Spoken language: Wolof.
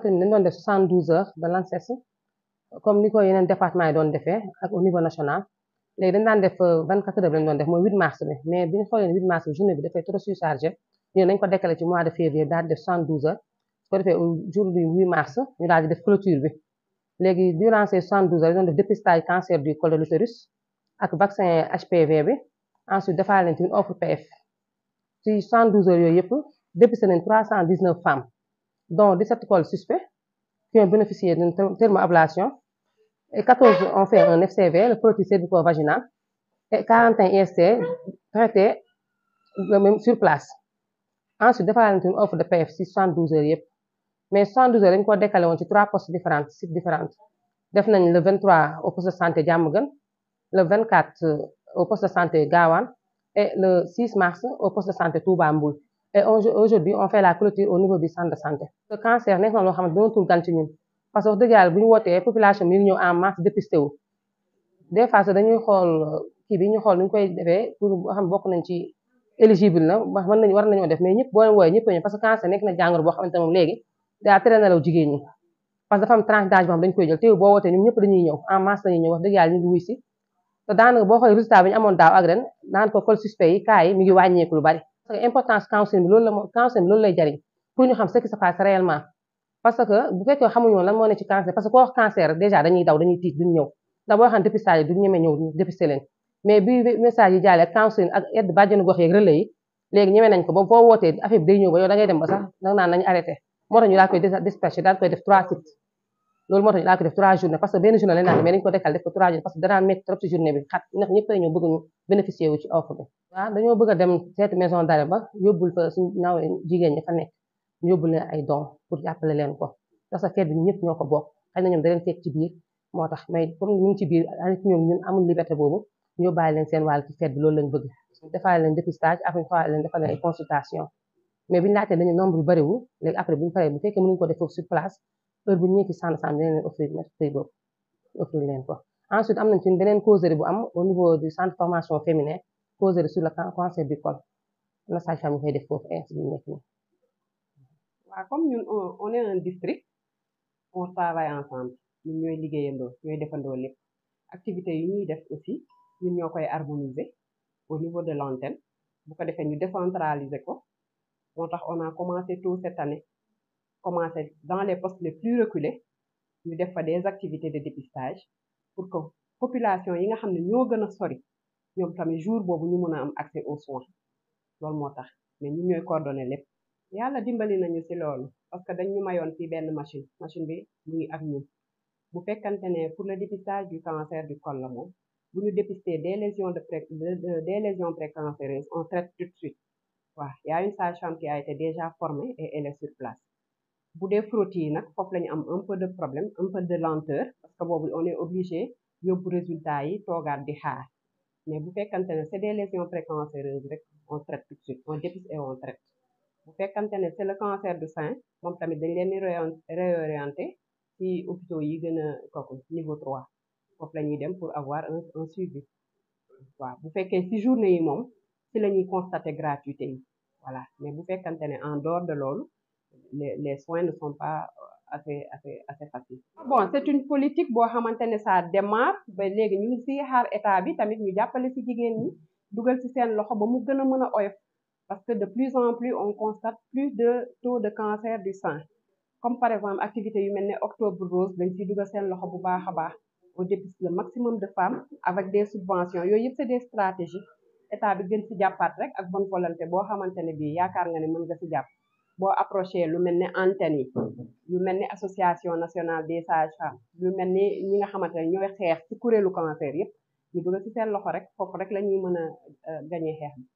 xamante ni dañ doon def soixante douze heures de l'ANSES comme ni ko yeneen département yi doon defee ak au niveau national léegi dañ daan def euh, vingt quatre heures lañ doon def mooy huit mars bi mais bi ñu xoolee huit mars bi journée bi dafay trop surchargé ñu nañ ko décalé ci mois de février daal di def soixante douze heures ko defee jour du mars ñu daal def clôture bi léegi durant ces soixante douze heures dañ doon def dépistage cancer du col de l'utérus ak vaccin HPV bi ensuite defaale nañ ci une dont 17 cols suspects qui ont bénéficié d'une thermoablation et 14 ont fait un FCV, le produit cérvico-vaginal, et IST traités même sur place. Ensuite, defal nañu offre de PF ci 72 heures yëpp mais 72 heures dañu ko décalé woon ci trois postes différents sites différents def nañ le 23 au poste de santé Diamaguène le 24 au poste de santé Gawane et le 6 mars au poste de santé Touba et aujourd'hui on fait la clôture au niveau du centre de santé cancer nekk na loo xamante doonatul gan ci parce que wax dëgg yàlla bu ñu wootee population bi ñu ñëw en masse dépisté wu des fois sax dañuy xool kii bi ñu koy defee pour xam bokk nañ ci éligible na wax mën nañ war mais ñëpp boo leen wooyee ñëpp parce que cancer nekk na jàngoro boo xamante moom léegi daa tere nelaw jigéen ñi parce que dafa am tranche koy jël teew boo wootee ñun ñëpp dañuy ñu ngi wuy si te yi cas yi mi ngi importance counseling bi loolu la moom counseling bi loolu lay jariñ pour ñu ce qui se passe réellement parce que bu fekkee xamuñu woon lan moo ci cancer parce que koo cancer déjà dañuy daw dañuy tiit duñ ñëw ndax boo xam dépistage yi duñ ñemee ñëw dépister leen mais bi message yi jàllee ak counseling ak aide gox yeeg relais yi léegi ñemee ko ba boo wootee affaire bi day ñëw ba yow da ngay dem arrêté moo tax ñu koy dispatché daal trois sites loolu moo tax laa ko trop ci journée bi xat ndax ñëpp ñoo bëgg ñu bénéficier wu ci offre bi waaw dañoo bëgg a dem seeti ay dons pour jàppale leen ko parce que fête bi ñëpp ñoo ko bokk xëy na ñoom da leen ci biir moo tax mais comme ñu ngi ci biir ak ñoom ñun amul liberté boobu ñu bàyyi leen seen wàll ci fête bi loolu lañ bëgg defaale leen dépistage après defaale leen defaale ay consultation mais bi ñu laajtee dañu nombre bi après bu ñu paree bu fekkee mënuñu ko def sur place heure bu ñu ci centre de santé dina leen offrir nekk sëy boobu offrir leen am nañ ci beneen causerie bu am au niveau du centre formation féminin causerie sur le cancer du col na sage-femme yi koy def foofu ainsi bu nekk nii waaw comme ñun on est un ñooy liggéeyandoo ñooy defandoo lépp activité yi ñuy def aussi ñun ñoo koy harmoniser au niveau de l'antenne bu ko defee ñu décentraliser ko moo tax on a commencé tout cette année commencé dans les postes les plus reculés ñu def fa des activités de dépistage pour que population yi nga xam ne ñoo gën a sori ñoom tamit jour boobu ñu mën a am accès au soins loolu moo tax mais ñun ñooy coordonné lépp yàlla dimbali nañu ci loolu parce que dañ ñu mayoon fii benn machine machine bi mu ngi ak ñun bu fekkante ne pour le dépistage du cancer du col la moom bu ñu dépister des lésions de pré des lésions précancéreuses on traite tout de waaw y a une sage-femme qui a été et elle place bu dee fruit yi nag foofu lañu am un peu de problème un peu de lenteur parce que boobu on est obligé yóbbu résultat yi toogaat di xaar mais bu fekkante ne c'est des lésions précancéreuses rek on traite tout de suite on dépiste et on traite bu fekkante ne c'est le cancer de sein moom tamit dañ leen di réorienté ci hôpitaux yi gën a kooku niveau 3 foofu la ñuy dem pour avoir un un suivi waaw bu fekkee ci journée yi moom ci la ñuy constaté gratuité yi voilà mais bu fekkante ne en dehors de loolu les les soins ne sont pas euh, assez assez assez faciles. Ah bon c'est une politique boo xamante ne ça démarre ba léegi ñu ngi si xaar état bi tamit ñu jàppale si jigéen ñi dugal si seen loxo ba mu gën a mën a oyof parce que de plus en plus on constate plus de taux de cancer du sein comme par exemple activité yu mel ne octobre rose dañ siy dugal seen loxo bu baax a baax on dépiste le maximum de femmes avec des subventions yooyu yëpp c'est des stratégies état bi gën si jàppaat rek ak bonne volonté boo xamante ne bii yaakaar nga ne mën nga si jàpp. boo approché lu mel ni antenne yi lu mel ni association nationale des sages-femmes lu mel ni ñi nga xamante ne ñooy xeex ci kuréelu cancer yëpp ñu bëgg ci seen loxo rek foofu rek la ñuy mën a euh, gañee xeex